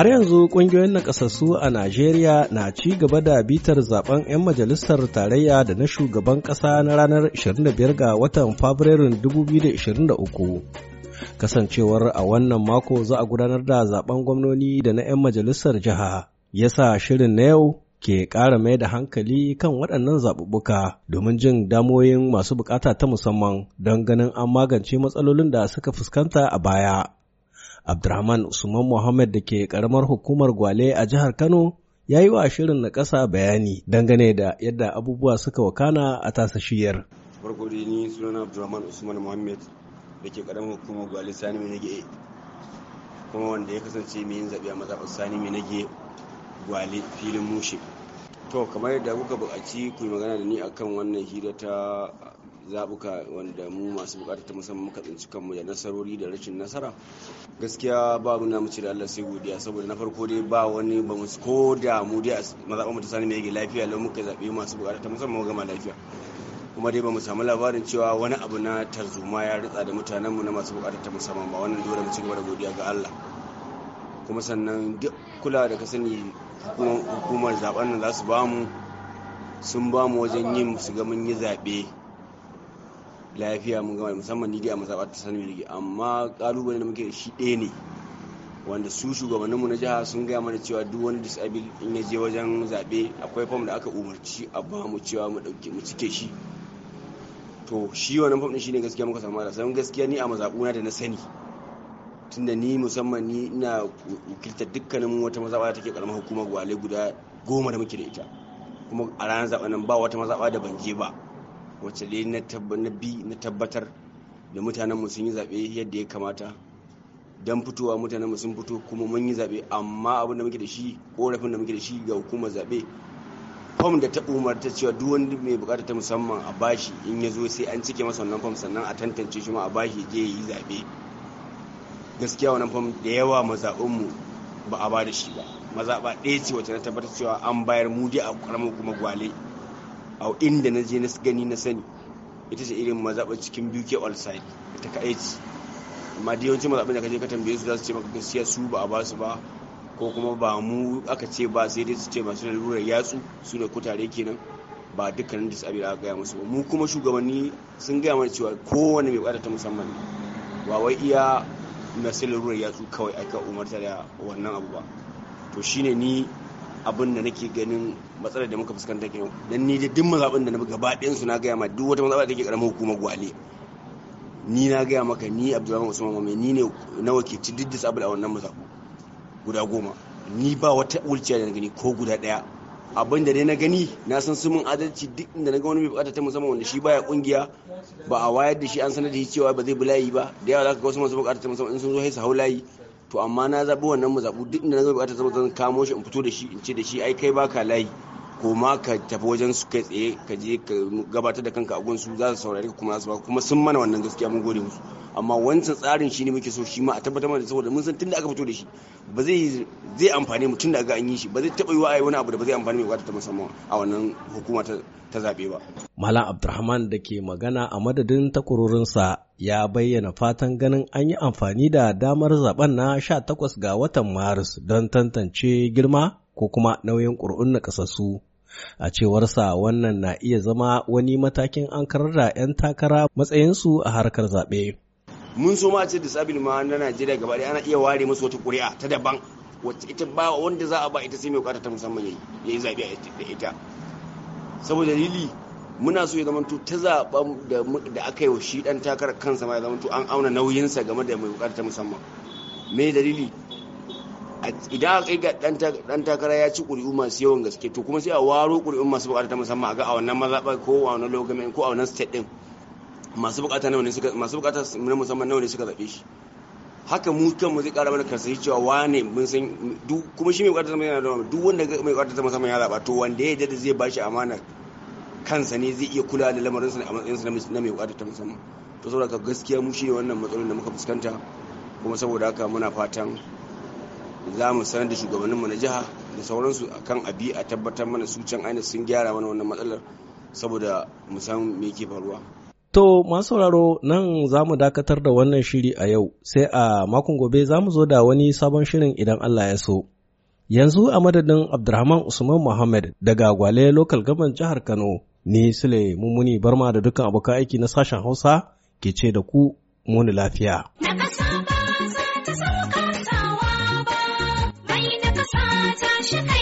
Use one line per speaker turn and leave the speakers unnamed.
Har yanzu ƙungiyoyin nakasassu a Najeriya na ci gaba da bitar zaben 'yan majalisar tarayya da na shugaban ƙasa na ranar 25 ga watan Fabrairun 2023. Kasancewar a wannan mako za a gudanar da zaben gwamnoni da na 'yan majalisar jiha, yasa shirin na yau ke kara mai da hankali kan waɗannan zaɓuɓɓuka domin jin damoyin masu bukata ta musamman don ganin an magance matsalolin da suka fuskanta a baya. Abdurrahman Usman Muhammad da ke karamar hukumar Gwale a jihar Kano ya yi wa shirin na ƙasa bayani dangane da yadda abubuwa suka wakana a tasa
shiyar. Farko dai ni sunana Abdurrahman Usman Muhammad da ke karamar hukumar Gwale Sani Minage kuma wanda ya kasance mai yin zaɓe a mazaɓar Sani Minage Gwale filin mushe To kamar yadda kuka buƙaci ku yi magana da ni akan wannan hira ta zabuka wanda mu masu bukatar ta musamman muka tsinci kanmu da nasarori da rashin nasara gaskiya babu na muci da Allah sai godiya saboda na farko dai ba wani ba mu ko da mu dai mazaɓa mu ta sani mai lafiya lau muka zaɓe masu bukatar ta musamman mu gama lafiya kuma dai ba mu samu labarin cewa wani abu na tarzuma ya ritsa da mutanen mu na masu bukatar ta musamman ba wannan dole mu ci gaba da godiya ga Allah kuma sannan duk kula da ka sani hukumar zaben nan za su ba mu sun ba mu wajen yin su ga mun yi zaɓe lafiya mun gama musamman ni dai a masaba ta sanin rigi amma kalubale da muke shi ɗaya ne wanda su shugabanninmu na jiha sun gaya mana cewa duk wani disabil in ya je wajen zaɓe akwai fam da aka umarci a ba mu cewa mu ɗauke mu cike shi to shi wannan fam ɗin shine gaskiya muka samu da san gaskiya ni a mazaɓuna da na sani tunda ni musamman ni ina wakilta dukkanin wata mazaɓa da take karamar hukumar gwale guda goma da muke da ita kuma a ranar zaɓen nan ba wata mazaɓa da ban je ba wacce dai na bi na tabbatar da mutanenmu sun yi zaɓe yadda ya kamata don fitowa mutanenmu sun fito kuma mun yi zaɓe amma abin da muke da shi korafin da muke da shi ga hukumar zaɓe fom da ta umarta cewa duk wani mai bukata ta musamman a bashi in ya zo sai an cike masa wannan fom sannan a tantance shi ma a bashi je yi zaɓe gaskiya wannan fom da yawa mazaɓinmu ba a ba da shi ba mazaɓa ɗaya ce wacce na tabbatar cewa an bayar mu dai a ƙaramin kuma gwale a inda na je na gani na sani ita ce irin mazaɓa cikin biyu ke all side ita ka aiki amma da yawancin mazaɓin da ka je ka tambaye su za su ce maka gaskiya su ba a ba su ba ko kuma ba mu aka ce ba sai dai su ce masu lalurar yatsu su da kutare kenan ba dukkanin da disabil aka gaya musu ba mu kuma shugabanni sun gaya mana cewa kowane mai bukata ta musamman ba wai iya masu lalurar yatsu kawai aka umarta da wannan abu ba to shine ni abin da nake ganin matsalar da muka fuskanta ke dan ni da duk mazaɓin da na gaba ɗayan su na gaya ma duk wata matsala da take karamin hukumar gwale ni na gaya maka ni abdulrahman usman mai ni ne na wakilci duk disabil a wannan mazaɓu guda goma ni ba wata wulciya da na gani ko guda ɗaya abin da dai na gani na san su mun adalci duk inda na ga wani mai bukata ta musamman wanda shi baya kungiya ba a wayar da shi an sanar da shi cewa ba zai bi layi ba da yawa ka ga wasu masu bukata ta musamman in sun zo sai su hau layi to amma na zaɓi wannan mu zabu duk inda na zo ta zama zan kamo shi in fito da shi in ce da shi ai kai baka layi koma ka tafi wajen su kai tsaye ka je ka gabatar da kanka a gunsu za su saurare ka kuma ba kuma sun mana wannan gaskiya mun gode musu amma wancan tsarin shi ne muke so shi ma a tabbatar da saboda mun san tunda aka fito da shi ba zai zai amfane mu tunda aka an yi shi ba zai taba yiwa ai wani abu da ba zai amfane mu ba ta musamman a wannan hukuma ta ta zabe ba
Malam abdurrahman da ke magana a madadin takwarorinsa ya bayyana fatan ganin an yi amfani da damar zaben na 18 ga watan Maris don tantance girma ko kuma nauyin ƙuri'un na ƙasassu A cewarsa wannan na iya zama wani matakin an karar da 'yan takara matsayinsu a harkar zaɓe.
Mun so ma ce disabil ma na Najeriya gaba ɗaya ana iya ware musu wata ƙuri'a ta daban wacce ita ba wanda za a ba ita sai mai bukata ta musamman ya yi zaɓe da ita. Saboda lili muna so ya zama ta zaɓen da aka yi wa shi ɗan takarar kansa ma ya zamanto an auna nauyinsa game da mai bukata ta musamman. Me dalili idan aka ga dan takara ya ci ƙuri'u masu yawan gaske to kuma sai a waro kuri'un masu bukata ta musamman a ga a wannan mazaɓa ko a wannan lokaci ko a wannan state din masu bukata na wani suka masu bukata na musamman nawa ne suka zaɓe shi haka mu kanmu zai ƙara mana karsashi cewa wane mun san duk kuma shi mai bukata ta musamman yana da duk wanda mai bukata ta musamman ya zaɓa to wanda ya yarda zai bashi amana kansa ne zai iya kula da lamarinsa a matsayinsa na mai bukata ta musamman to saboda gaskiya mu shi ne wannan matsalolin da muka fuskanta kuma saboda haka muna fatan za mu sanar da shugabanninmu na jiha da sauransu akan abi a tabbatar mana su can ainihin sun gyara mana wannan matsalar saboda mu san me ke faruwa
To masu sauraro nan za mu dakatar da wannan shiri a yau sai a makon gobe za mu zo da wani sabon shirin idan Allah ya so. Yanzu a madadin Abdurrahman Usman Muhammad daga Gwale Local gaban Jihar Kano ni Sule Mummuni Barma da dukkan abokan aiki na sashen Hausa ke ce da ku muni lafiya. Shapiro.